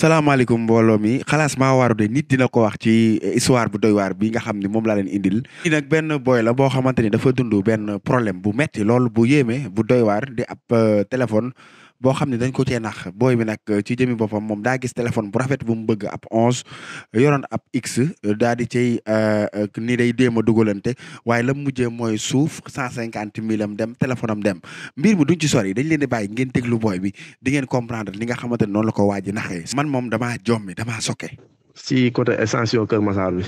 salaamaaleykum mbooloo mi xalaas maa waaru de nit dina ko wax ci eh, histoire bu doywar bi nga xam ni moom la leen indil li nag benn boy la boo xamante ni dafa dundu benn problème bu metti loolu bu yéeme bu doy waar di ab euh, téléphone boo xam ne dañ ko cee nax booy mi nag ci jëmi boppam moom daa gis téléphone bu rafet bu mu bëgg ab onze yoroon ab x daa di cay euh, euh, ni day déem a dugalante waaye la mujjee mooy suuf cent cinquante mille am dem téléphone am dem mbir mi duñ ci sori dañ leen di bàyyi ngeen déglu booy bi di comprendre li nga xamante ne noonu la ko waa ji naxee man moom damaa jommi damaa sokke si côté extension Kër Massar bi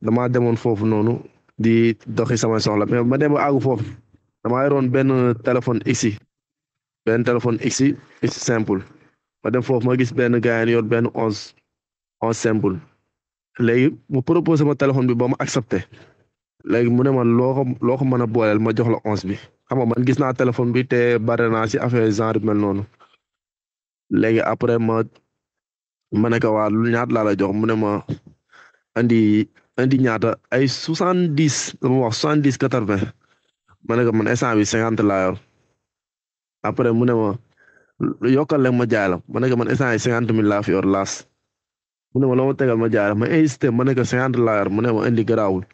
damaa demoon foofu noonu di doxi sama soxla mais ma dem ba àggu foofu damaa ben téléphone ici benn téléphone x x simple ma dem foofu ma gis benn gars yor benn onze onze simple léegi mu proposé ma téléphone bi ba ma accepté léegi mu ne ma loo ko loo ko mën a booleel ma jox la onze bi xam nga man gis naa téléphone bi te bare naa si affaire genre mel noonu léegi après ma ma ne ko waa lu laa la jox mu ne ma andi andi ñaata ay soixante dix dama wax soixante dix quatre vingt ma ne ko man instant bi cinquante laa après mu ne ma yokkal leen ma jaay la ma nekk man instant yi cinquante mille laa fi yor laas mu ne ma loo ma tegal ma jaay la ma insisté ma nekk lar laa yor mu ne ma indi garaawul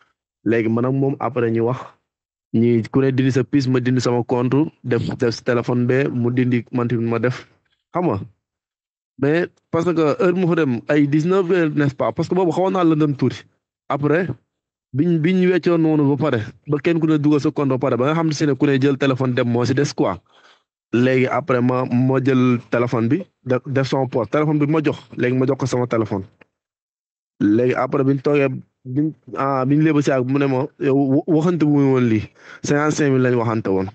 léegi man ak moom après wax ñi ku ne dindi sa piis ma dindi sama compte def def si téléphone be mu dindi man tamit ma def xam nga mais parce que heure mu fa dem ay dix neuf heures que boobu xawoon naa lëndëm tuuti après biñ biñ weccoon noonu ba pare ba kenn ku ne dugal sa compte ba pare ba nga xam ne ku ne jël téléphone dem moo si des quoi léegi après ma ma jël téléphone bi def sama poche téléphone bi ma jox léegi ma jox ko sama téléphone léegi après bi ñu toogee ah bi ñu léeba ak mu ne ma waxante bu muy woon lii cinquante cinq mille lañ waxante woon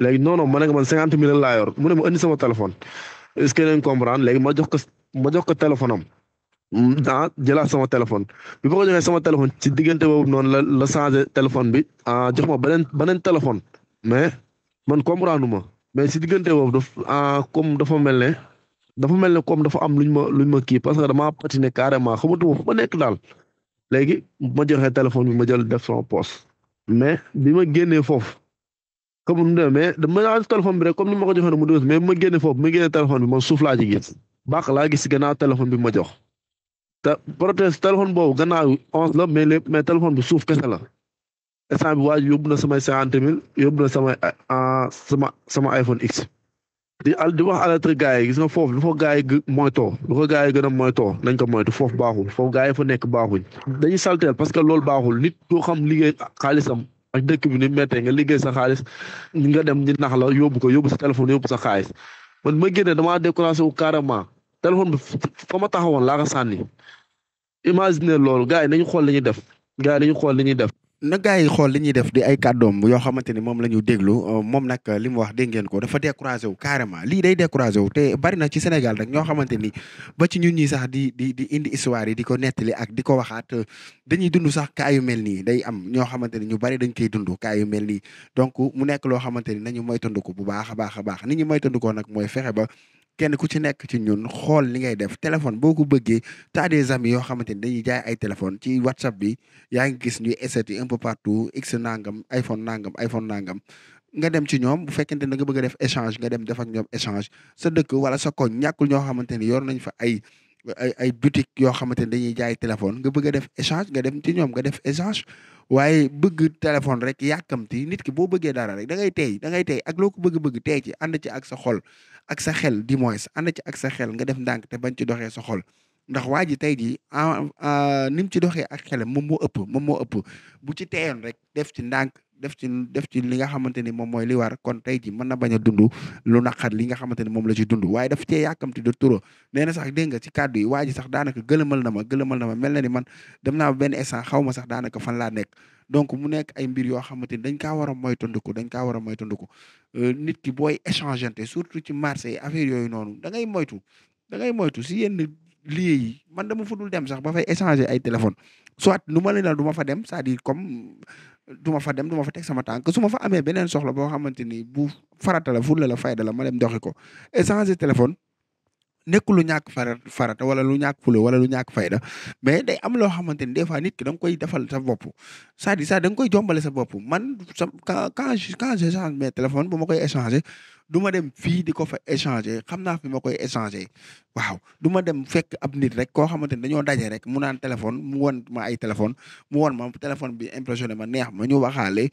léegi non ma ne ko man cinquante laa yor mu ne ma indi sama téléphone est-ce que léegi ma jox ko ma jox ko téléphone am ah jëlaat sama téléphone bi ma ko joxee sama téléphone ci diggante boobu noonu la la changé téléphone bi ah jox ma beneen beneen téléphone mais man comprendre ma. mais si diggante boobu daf ah, comme dafa mel ne dafa mel ne comme dafa am luñ ma luñ ma kii parce que damaa patiné carrément xamatuma fu ma nekk daal léegi ma joxe téléphone bi ma jël def sama poche mais bi ma génnee foofu comme nu mu mais dama laa ma ko joxee ma génnee foofu bi ma génnee téléphone bi man suuf laa ci gis baax laa gis gannaaw téléphone bi ma jox te protège téléphone boobu gannaaw onze la mais lépp mais téléphone bi suuf kese la. instant bi waaj yóbbu na samay cinquante mille yóbbu na samay eh, ah, sama sama iPhone X di al di wax alerte gars yi gis nga foofu lu fa gars yi moytoo lu ko gars yi gën a moytoo nañ ko moytu foofu baaxul foofu gars yi fa nekk baaxuñ dañuy salteel parce que loolu baaxul nit koo xam liggéey xaalisam ak dëkk bi ni méttee nga liggéey sa xaalis nga dem ñi nax la yóbbu ko yóbbu sa téléphone yóbbu sa xaalis man ma génne damaa découragé wu carrément téléphone bi fa ma taxawoon laa ko sànni imagine loolu gars yi nañu xool li ñuy def gars yi nañu xool li ñuy def na gars yi xool li ñuy def di ay kàddoom yoo xamante ni moom la ñu déglu euh, moom nag li mu wax dégg ngeen ko dafa découragé wu carrément lii day découragé wu te bari na ci Sénégal rek ñoo xamante ni ba ci ñun ñi sax di di di indi histoire yi di ko nettali ak di ko waxaat euh, dañuy dund sax kaa yu mel nii day am ñoo xamante ni ñu bari dañ koy dund kaa yu mel nii donc mu nekk loo xamante ni nañu moytandiku bu baax a baax a baax ni ñu moytandikoo nag mooy fexe ba kenn ku ci nekk ci ñun xool li ngay def téléphone boo ko bëggee ta des amis yoo xamante ni dañuy jaay ay téléphone ci whatsapp bi yaa ngi gis ñuy essayé un peu partout x nangam iphone nangam iphone nangam nga dem ci ñoom bu fekkente ne da nga bëgg def échange nga dem defak ñoom échange sa dëkk wala sa koñ ñàkkul ñoo xamante ni yor nañ fa ay ay ay boutique yoo xamante ni dañuy jaay téléphone nga bëgg def échange nga dem ci ñoom nga def échange waaye bëgg téléphone rek yàkkamti nit ki boo bëggee dara rek da ngay tey da ngay tey ak loo ko bëgg-bëgg tey ci ànd ci ak sa xol ak sa xel du moins ànd ci ak sa xel nga def ndànk te bañ ci doxee sa ndax waa ji tey jii ah, ah, ni mu ci doxee ak xelam moom moo ëpp moom moo ëpp bu ci teyoon rek def ci ndànk def ci def ci li nga xamante ni moom mooy li war kon tey ji mën na bañ a dund lu naqar li nga xamante ni moom la ci dund waaye def cee yàkkamti de trop nee na sax dégg nga ci kàddu yi waa ji sax daanaka gëlëmal na ma gëlëmal na ma mel na ni man dem naa benn instant xaw ma sax daanaka fan laa nekk donc mu nekk ay mbir yoo xamante ni dañ kaa war a moytandiku dañ kaa war a moytandiku euh, nit ki booy échangeante surtout ci marché yi affaire yooyu noonu da ngay moytu da ngay moytu si yenn lieu yi man dama fa dul dem sax ba fay échanger ay téléphone soit nu ma leen la du ma fa dem c'est-à-dire du ma fa dem du ma fa teg sama tànk su ma fa amee beneen soxla boo xamante ni bu farata la fulla la fayda la ma dem doxi ko échanger téléphone nekkul lu ñàkk farata wala lu ñàkk fulla wala lu ñàkk fayda mais day am loo xamante ni des fois nit ki da koy defal sa bopp sa à dire da nga koy jombale sa bopp man sa quand quand j'échange mes téléphones bu ma koy échanger du ma dem fii di ko fa échanger xam naa fi ma koy échanger waaw du ma dem fekk ab nit rek koo xamante ni dañoo daje rek mu naan téléphone mu won ma ay téléphone mu won ma téléphone bi impressionné ma neex ma ñu waxaale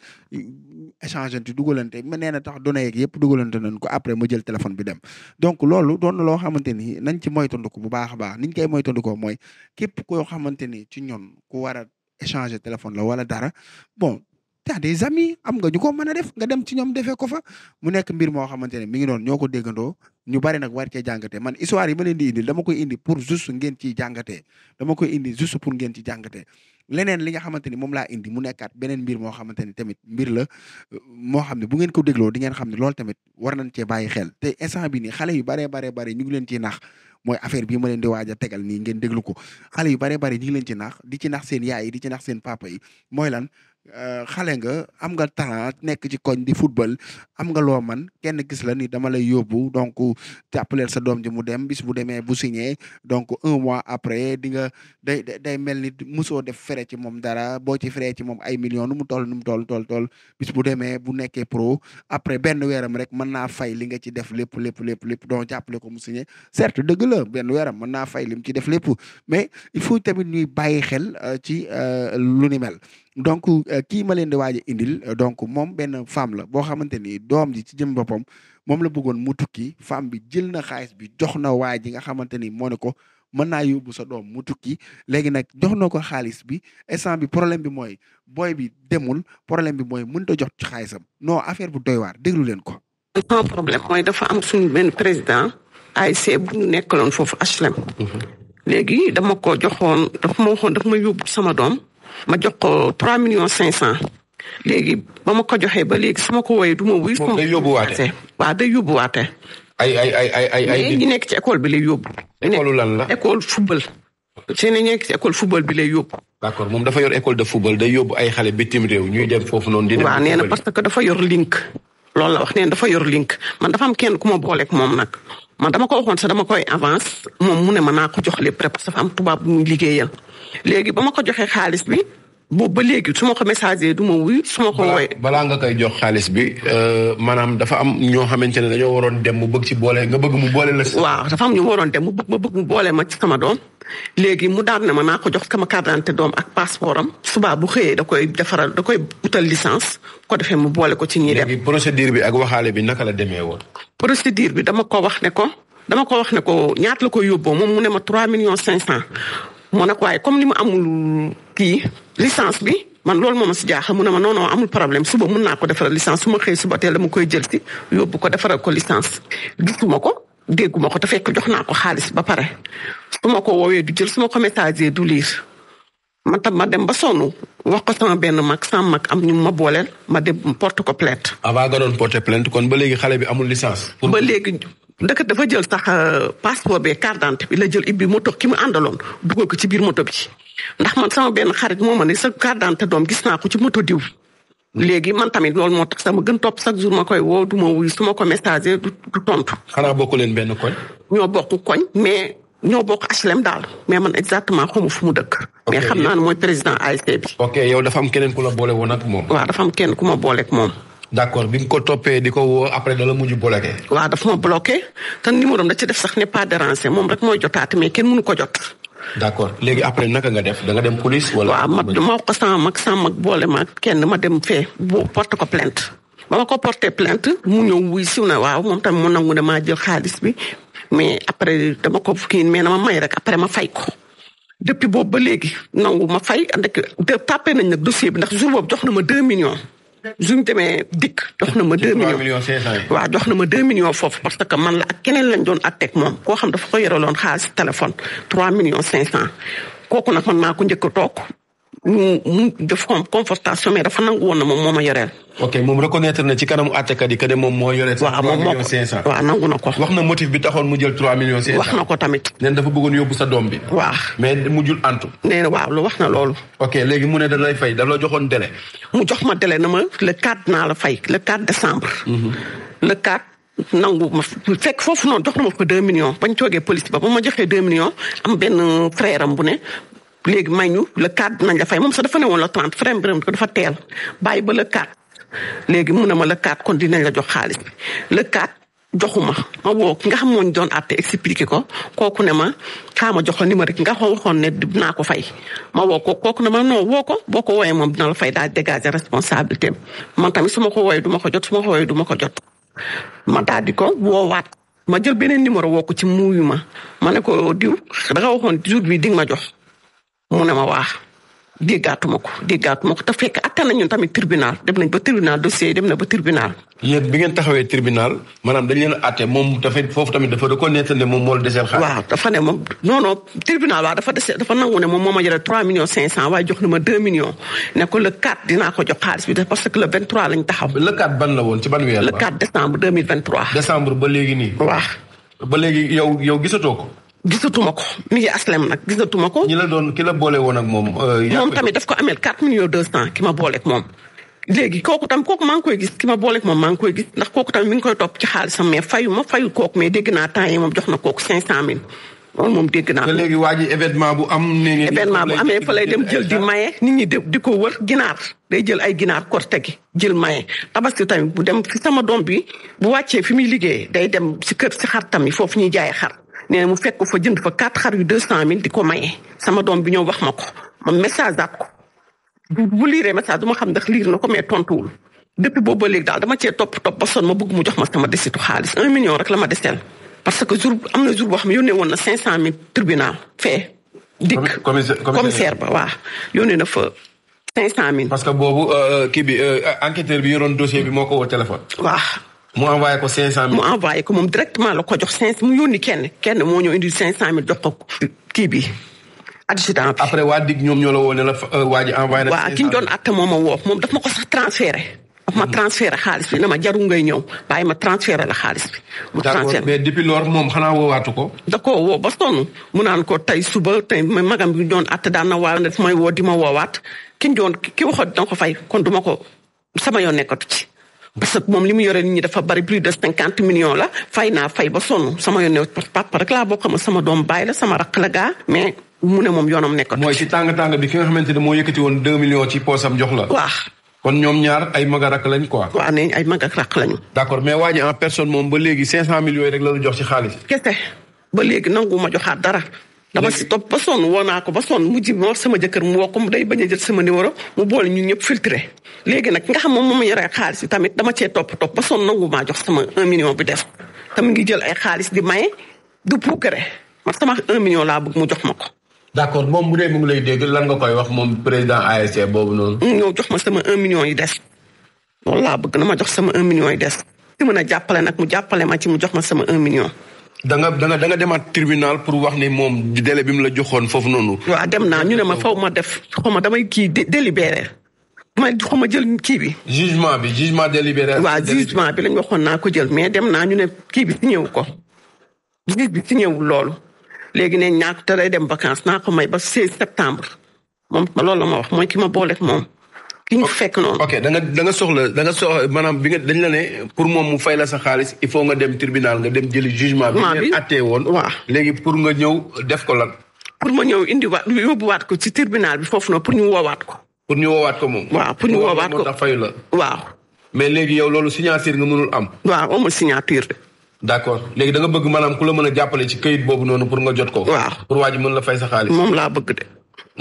échangeante dugalante ma nee na tax données yëpp dugalante nañ ko après ma jël téléphone bi dem donc loolu doon loo xamante ni nañ ci moytandiku bu baax a baax niñ koy moytandikoo mooy képp koo xamante ni ci ñoon ku war a échanger téléphone la wala dara bon t'as des amis am nga ñu ko mën a def nga dem ci ñoom defee fa mu nekk mbir moo xamante ne mi ngi noonu ñoo ko déggandoo ñu bari nag war cee jàngatee man histoire yi ma leen di indil dama indi pour juste ngeen ciy jàngatee dama koy indi juste pour ngeen ci jàngatee leneen li nga xamante ni moom laa indi mu nekkaat beneen mbir moo xamante ni tamit mbir la euh, moo xam ne bu ngeen ko dégloo di ngeen xam ne loolu tamit war nañ cee bàyyi xel te instant bi nii xale yu baree baree bare ñu ngi leen ciy nax mooy affaire bii ma leen di tegal nii ngeen déglu ko xale yu baree bare ñu leen ci nax di ci nax seen yaay yi di ci nax seen papa yi mooy lan Euh, xale nga am nga talent nekk ci koñ di football am nga loo man kenn gis la ni dama lay yóbbu donc jàppaleel sa doom ji mu dem bis bu demee bu signé donc un mois après di nga day day mel ni mosoo def fere ci moom dara boo ci fere ci moom ay millions nu mu toll nu mu toll toll toll bis bu demee bu nekkee pro après benn weeram rek mën naa fay li nga ci def lépp lépp lépp lépp donc jàppale ko mu signé certes dëgg la benn weeram mën naa fay li mu ci def lépp mais il faut tamit ñuy bàyyi xel euh, ci euh, lu ni donc euh, kii ma leen di waaj a indil euh, donc moom benn femme la boo xamante ni doom ji ci jëm boppam moom la bëggoon mu tukki femme bi jël na xaalis bi jox na waay ji nga xamante ni moo ne ko mën naa yóbbu sa doom mu tukki léegi nag jox na ko xaalis bi instant bi problème bi mooy booy bi demul problème bi mooy mënut a jox xaalisam non affaire bu doy waar déglu leen ko. sans problème mooy dafa am suñu président AIC bu ñu foofu HLM. Mhm. léegi dama ko joxoon dafa ma waxoon dafa ma yóbbu sama doom. ma jox ko trois millions cinq cent léegi ba ma ko joxee ba léegi su ma ko woyee du ma wuy su ma ko yóbbuwaatee waaw day yóbbuwaatee ay ay ay ay ay ay ñi nekk ci école bi lay yóbbu école lan la école football seen ñi nekk ci école football bi lay yóbbu d'accord moom dafa yor école de football day yóbbu ay xale bitim réew ñuy dem foofu noonu di dem nee na parce que dafa yor link loolu la wax neen dafa yor link man dafa am kenn ku ma booleeg moom nag man dama ko waxoon sax dama koy avance moom mu ne ma naa ko jox lépp rek parce que dafa am tubaab bu muy liggéeyal léegi ba ma ko joxee xaalis bi. boobu ba léegi su ma ko message du ma wuyu su ma ko balaa nga koy jox xaalis bi euh, maanaam dafa am ñoo xamante ne dañoo waroon dem mu bëgg ci boole nga bëgg mu boole la. waaw dafa am ñu waroon dem mu bëgg ma bëgg mu boole ma ci léegi mu daan ne ma naa jox sama carte d'identité doom ak passeport am bu xëyee da koy defaral da koy utal licence ko defee mu boole ko ci ñi dem. léegi procédure bi ak waxaale bi naka la demee woon. procédure bi dama ko wax ne ko dama ko wax ne ko ñaata la ko yóbboo moom mu ne ma trois millions cinq cent. moo nag waaye comme ni mu amul kii. licence bi man loolu moom si jaaxal mu a ma non amul problème suba mun naa ko defaral licence su ma xëy suba teel dama koy jël si yóbbu ko defaral ko licence gisuma ko dégguma ko te fekk jox naa ko xaalis ba pare su ma ko woowee du jël su ma ko message du liir man tam ma dem ba sonn wax ko sama benn mag sama mag am ñu ma booleel ma dem porte ko plainte. avant nga doon porter plainte kon ba léegi xale bi amul licence. ba léegi ndeket dafa jël sax euh, passeport bi carte d'identité bi la jël ibbi moto ki mu àndaloon dugal ko ci biir moto bi ndax man ma benn xarit moo ma ne sa carte d'identité doom gis naa ko ci moto diw. léegi man tamit loolu moo tax sama gën topp chaque jour ma koy woo du ma wuyu su ma ko messager du tontu. xanaa bokk leen benn koñ. ñoo bokk koñ mais ñoo bokk HLM daal mais man exactement xamu fu mu dëkk. mais xam naa ne mooy président ASC bi. ok yow dafa am keneen ku la boole woon moom. waaw dafa am kenn ku ma booleeg moom. d' accord bi nga ko toppee di ko woo après dala mujj bloqué. waaw dafa ma bloqué te numéro am da ci def sax ne pas déranger moom rek mooy jotaat mais kenn mënu ko jot. d' léegi après naka nga def da dem police. wala waaw ma ma wax ko sama mag sama mag kenn ma dem fee bu porte ko ba ma ko porté plainte mu ñëw wuy siw na waaw moom tamit mu nangu damaa jël xaalis bi mais après dama ko kii mais dama may rek après ma fay ko. depuis boobu ba léegi nangu ma fay ànd ak tapé nañ nag dossier bi ndax jour boobu jox na ma deux millions. suñ demee dikk dox na ma deux millions waaw dox na ma deux millions foofu parce que man la ak keneen lañ doon atteeg ko koo xam dafa ko yoreloon xaalis téléphone trois millions cinq cent kooku nag man maa ko njëkk a toog mu def confortation mais dafa nangu woon na moom moo ma moom reconnaître na ci kanamu àttekat yi que ne moom moo moom moo ko 3 millions 500. waaw nangu na ko. wax na motif bi jël 3 nee sa doom bi. waaw mais mujjul antu. wax na loolu. ok léegi mu ne da lay fay da joxoon délai. mu jox ma délai na ma le 4 naa la fay le 4 décembre. Mhm. le 4. nangu ma fekk foofu noonu jox na ma ko deux millions bañ toogee police ba ba ma joxee deux millions am benn frère am bu ne léegi may ñu le 4 nañ la fay moom sax dafa woon le 30 frère bi ko dafa teel bàyyi ba le 4. léegi mu ne ma le 4 kon dinañ la jox xaalis bi le 4 joxuma ma woo ki nga xam moo ñu doon àtte expliqué ko kooku ne ma kaama ma jox la numéro ki nga xam waxoon ne dinaa ko fay. ma woo ko kooku ne ma non woo ko boo ko wooyee moom dina la fay daal dégager responsabilité man tamit su ma ko wooyee du ma ko jot su ma ko du ma ko jot ma daal di ko woowaat. ma jël beneen numéro woo ko ci muuyu ma ma ne ko diw da nga waxoon jour bi di nga ma jox. mu ne ma waa déggaatuma ko déggaatuma ko te fekk atta na ñun tamit tribunal dem nañ ba tribunal dossier yi dem na ba tribunal. yéen bi ngeen taxawee tribunal. maanaam dañ leen a atte moom dafay foofu tamit dafa reconnaître ne moom moo la deseel xaalis. moom non non tribunal waaw dafa dese dafa nangu moom moo ma jëlee 3 millions 500 waaye jox na ma 2 millions ne ko le 4 dinaa ko jox xaalis bi parce que le 23 lañ taxaw. le 4 ban la woon ci ban weer la. le 4 décembre 2023. décembre ba nii. waaw. ba léegi yow yow gisatoo ko. gisatuma ko mi ngi aslem nag gisatuma ko. ñi la doon ki la boole woon moom. Euh, moom tamit daf ko amel 4 millions 200 ki ma booleeg moom. léegi kooku tam kooku maa ngi koy gis ki ma booleeg moom maa ngi koy gis ndax kooku tam mi ngi koy topp ci xaalisam mais fayu ma fayu kooku mais dégg naa temps yi moom jox na kooku 500000. moom dégg naa ko waa ji événement bu am. nee événement bu amee fa lay dem jël di di ko wër ginaar. day jël ay ginaar korte gi jël maye tabaski tamit bu dem fi sama doom bi bu wàccee fi muy liggéey day dem si kër si xar tamit foofu ñuy jaay xar nee mu fekk fa jënd fa quatre xar yu deux cent mille di ko maye sama doom bi ñëw wax ma ko ma message aat ko bu liiree message du ma xam ndax liir na ko mais tontuwul depuis boobu ba léegi daal dama cee topp topp ba son ma bëgg mu jox ma sama desitu xaalis un million rek la ma deseel parce que jour am na jour boo xam ne yónnee woon na cinq cent mille tribunal fee dikk commissaire ba waaw yónnee na fa cinq cent mille parce que boobu euh, kii bi euh, enquêteur bi yoroon dossier bi moo ko woo téléphone waaw mu envoyé ko 500000. mu envoyé ko moom directement la ko jox 5 mu yónni kenn kenn moo ñëw indi 500000 jox ko kii bi. adjudant bi après waa dig ñoom ñoo la woo ne la euh, waa ji envoyé na. waaw ki ñu doon atte moom a moom daf ko sax transféré. ma mhm. transféré xaalis bi na ma jaru ngay ñëw bàyyi ma transféré la xaalis mu transféré mais depuis moom xanaa woowaatu ko. da koo woo ba sonn mu naan ko tey suba tey magam bi doon atte daan na waaw ne daf may woo di ma woowaat ki ñu doon ki waxoon dina ko fay kon duma ko sama yoon nekkatu ci. parce que moom li mu yore nit ñi dafa bari plus de cinquante millions la fay naa fay ba sonn sama yónnee papa rek laa bokk sama doom bàyyi la sama raq la gaa mais mu ne moom yoonam nekkoon. mooy ci tàng tàng bi ki nga xamante ne moo yëkkati woon deux millions ci poosam jox la. waaw. kon ñoom ñaar ay mag ak rakk lañ quoi. waaw ay mag ak lañu. d'accord mais waa en personne moom ba léegi cinq cent millions rek la ñu jox ci xaalis. kese ba léegi nangu ma dama si topp ba sonn woo naa ko ba sonn mujj bi sama jëkkër mu woo ko mu day bañ a jël sama numéro mu boole ñu ñëpp filtré léegi nag nga xam moom moom yore xaalis bi tamit dama cee topp topp ba sonn nangu maa jox sama un bi def te ngi jël ay xaalis di maye du puukere man sama un million laa bëgg mu jox ma ko. d' accord moom bu dee mu ngi lan nga koy wax moom président ASC boobu noonu. Mm, ñëw jox ma sama un yi des loolu laa bëgg na ma jox sama un million yi des. si mën a jàppale nag mu jàppale ma ci mu jox ma sama un danga nga da nga demaat tribunal pour wax ni moom délai bi mu la joxoon foofu noonu. waa dem naa ñu ne ma faw ma def xaw ma damay kii délibéré. ma xaw ma jël kii bi. jugement bi jugement délibéré. waaw jugement bi lañ waxoon naa ko jël mais dem naa ñu ne kii bi si ñëw ko. juge bi si ñëwul loolu. léegi ne ñaata day dem vacance naa ko may ba 16 septembre moom loolu la ma wax mooy ki ma booleeg moom. ki fekk noonu. ok danga soxla da nga soxla bi nga dañ la ne pour moom mu fay la sa xaalis il faut nga dem tribunal nga dem jëli jugement bi ngeen attee woon waaw léegi pour nga ñëw def ko lan. pour ma ñëw indiwaat yóbbuwaat ko ci tribunal bi foofu noonu pour ñu woowaat ko. pour ñu woowaat ko moom. waaw pour ñu woowaat ko moo tax fayu la. waaw. yow loolu signature nga mënul am. waaw amul signature de. d' accord léegi da nga bëgg maanaam ku la mën a jàppale ci këyit boobu noonu pour nga jot ko. waaw pour waa ji mën la fay sa xaalis. moom laa bëgg de.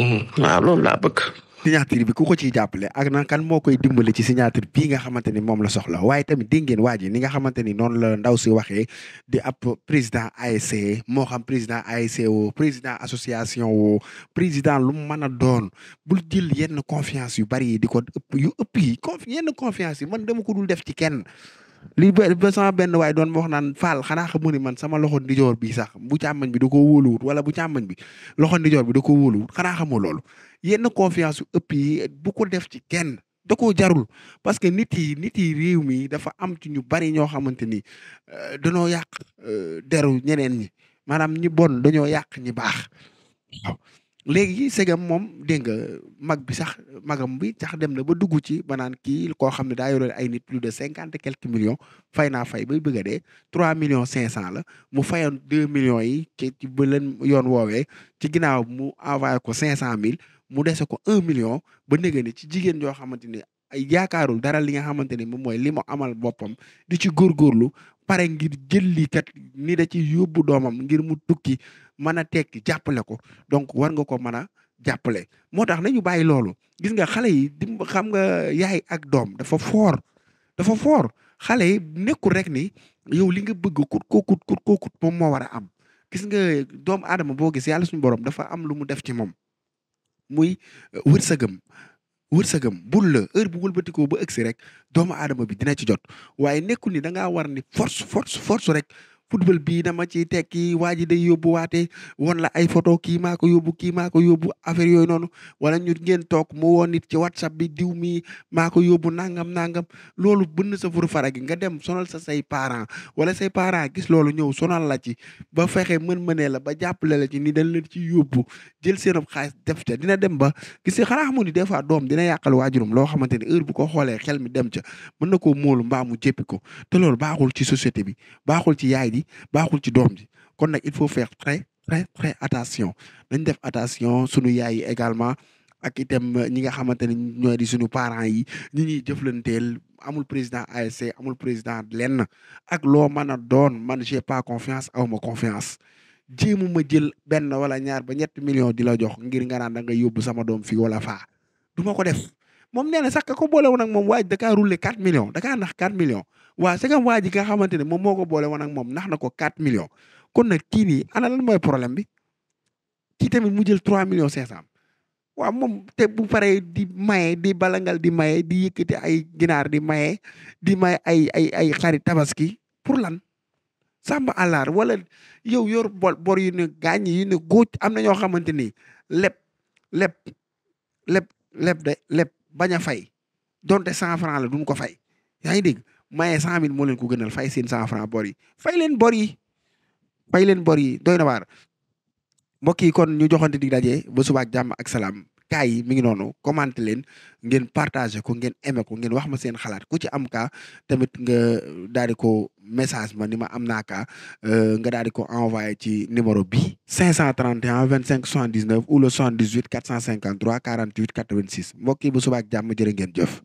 Mhm. waaw loolu laa bëgg. signature bi ku ko ciy jàppale a na kan moo koy dimbale ci signature bii nga xamante ni moom la soxla waaye tamit dégg ngeen waa ji ni nga xamante ni noonu la ndaw si waxee di ab président ASC moo xam président ASC woo président association woo président lu mën a doon bul jël yenn confiance yu bari yi di ko ëpp yu ëpp yi yenn confiance yi man dama ko dul def ci kenn li ba sama benn waay doon ma wax naan Fall xanaa xamu ne man sama loxo ndijoor bi sax bu càmmañ bi da koo wóoluwut wala bu càmmañ bi loxo ndijoor bi da koo wóoluwut xanaa xamoo loolu yenn confiance yu ëpp yi bu ko def ci kenn da koo jarul parce que nit yi nit yi réew mi dafa am ci ñu bari ñoo xamante ni euh, dañoo yàq euh, deru ñeneen ñi maanaam ñi bon dañoo yàq ñi baax waaw léegi segam moom dégg nga mag bi sax magam bi sax dem na ba dugg ci ba naan kii koo xam ne daa yoroon ay nit plus de cinquante quelques millions fay na fay bay bëgg a dee trois millions cinq cent la mu fayoon deux millions yi ci ci ba leen yoon woowee ci ginnaaw mu envoyé ko cinq cent mille mu dese ko un million ba nega ne ci jigéen yoo xamante ne ay yaakaarul dara li nga xamante ne moom mooy li mu amal boppam di ci góorgóorlu pare ngir jël lii kat ni da ci yóbbu doomam ngir mu tukki mën a tekki jàppale ko donc war nga ko mën a jàppale moo tax ñu bàyyi loolu gis nga xale yi di xam nga yaay ak doom dafa foor dafa foor xale yi nekkul rek ni yow li nga bëgg kut kookut kut kookut moom moo war a am gis nga doom adama boo gis yàlla suñu borom dafa am lu mu def ci moom muy euh, wërsëgam wërsëgam bul la heure bu wëlbatikoo ba ëgsi rek doomu aadama bi dina ci jot waaye nekkul ni da ngaa war ni force force force rek football bii dama ci tekki waa ji day yóbbu waate won la ay foto kii maa ko yóbbu kii maa ko yóbbu affaire yooyu noonu wala ñu ngeen toog mu woon nit ci whatsapp bi diw mi maa ko nangam nangam loolu bënn sa furu fara gi nga dem sonal sa say parent wala say parent gis loolu ñëw sonal la ci ba fexe mën-mënee la ba jàppale la ci ni dañ la ci yóbbu jël seen xaalis def ca dina dem ba gis nga xanaa xamu ni des doom dina yàqal waajurum loo xamante ni heure bu ko xoolee xel mi dem ca mën na koo móolu mbaa mu ko te loolu baaxul ci société bi baaxul ci yaay yi baaxul ci doom ji kon nag il faut faire très très très attention nañ def attention sunu yaay yi également ak itam ñi nga xamante ne ñooy di suñu parents yi ñi ñuy jëflanteel amul président ASC amul président lenn ak loo mën a doon man j'ai pas confiance aw ma confiance jéemu ma jël benn wala ñaar ba ñetti million di la jox ngir nga naan da yóbbu sama doom fii wala faa du ko def moom nee na sax ko boole woon ak moom waa ji da kaa roulé 4 millions da kaa nax 4 millions waa c'est que waa ji nga xamante ne moom moo ko boole woon ak moom na ko 4 millions kon nag kii nii ana lan mooy problème bi kii tamit mu jël 3 millions 500 waaw moom te bu paree di maye di balangal di maye di yëkkati ay ginaar di maye di may ay ay ay xarit tabaski pour lan sàmba àllar wala yow yor bor bor yu ne gaañ yu ne góoj am na ñoo xamante ni lépp lépp bañ a fay donte cent franc la duñ ko fay yaa ngi dégg maye cent mille moo leen ko gënal fay seen cent franc bor yi fay leen bor yi fay leen bor yi doy na waar mbokk yi kon ñu joxante di daje ba subaak jàmm ak salaam cas yi mi ngi noonu commenté leen ngeen partagé ko ngeen aimé ngeen wax ma seen xalaat ku ci am cas tamit nga daal di ko message ma ni ma am naa cas euh, nga daal di ko envoyé ci numéro bi 531 25 79 ou le 78 453 48 86 mbokk yi bu subaak jàmm jërë ngeen jëf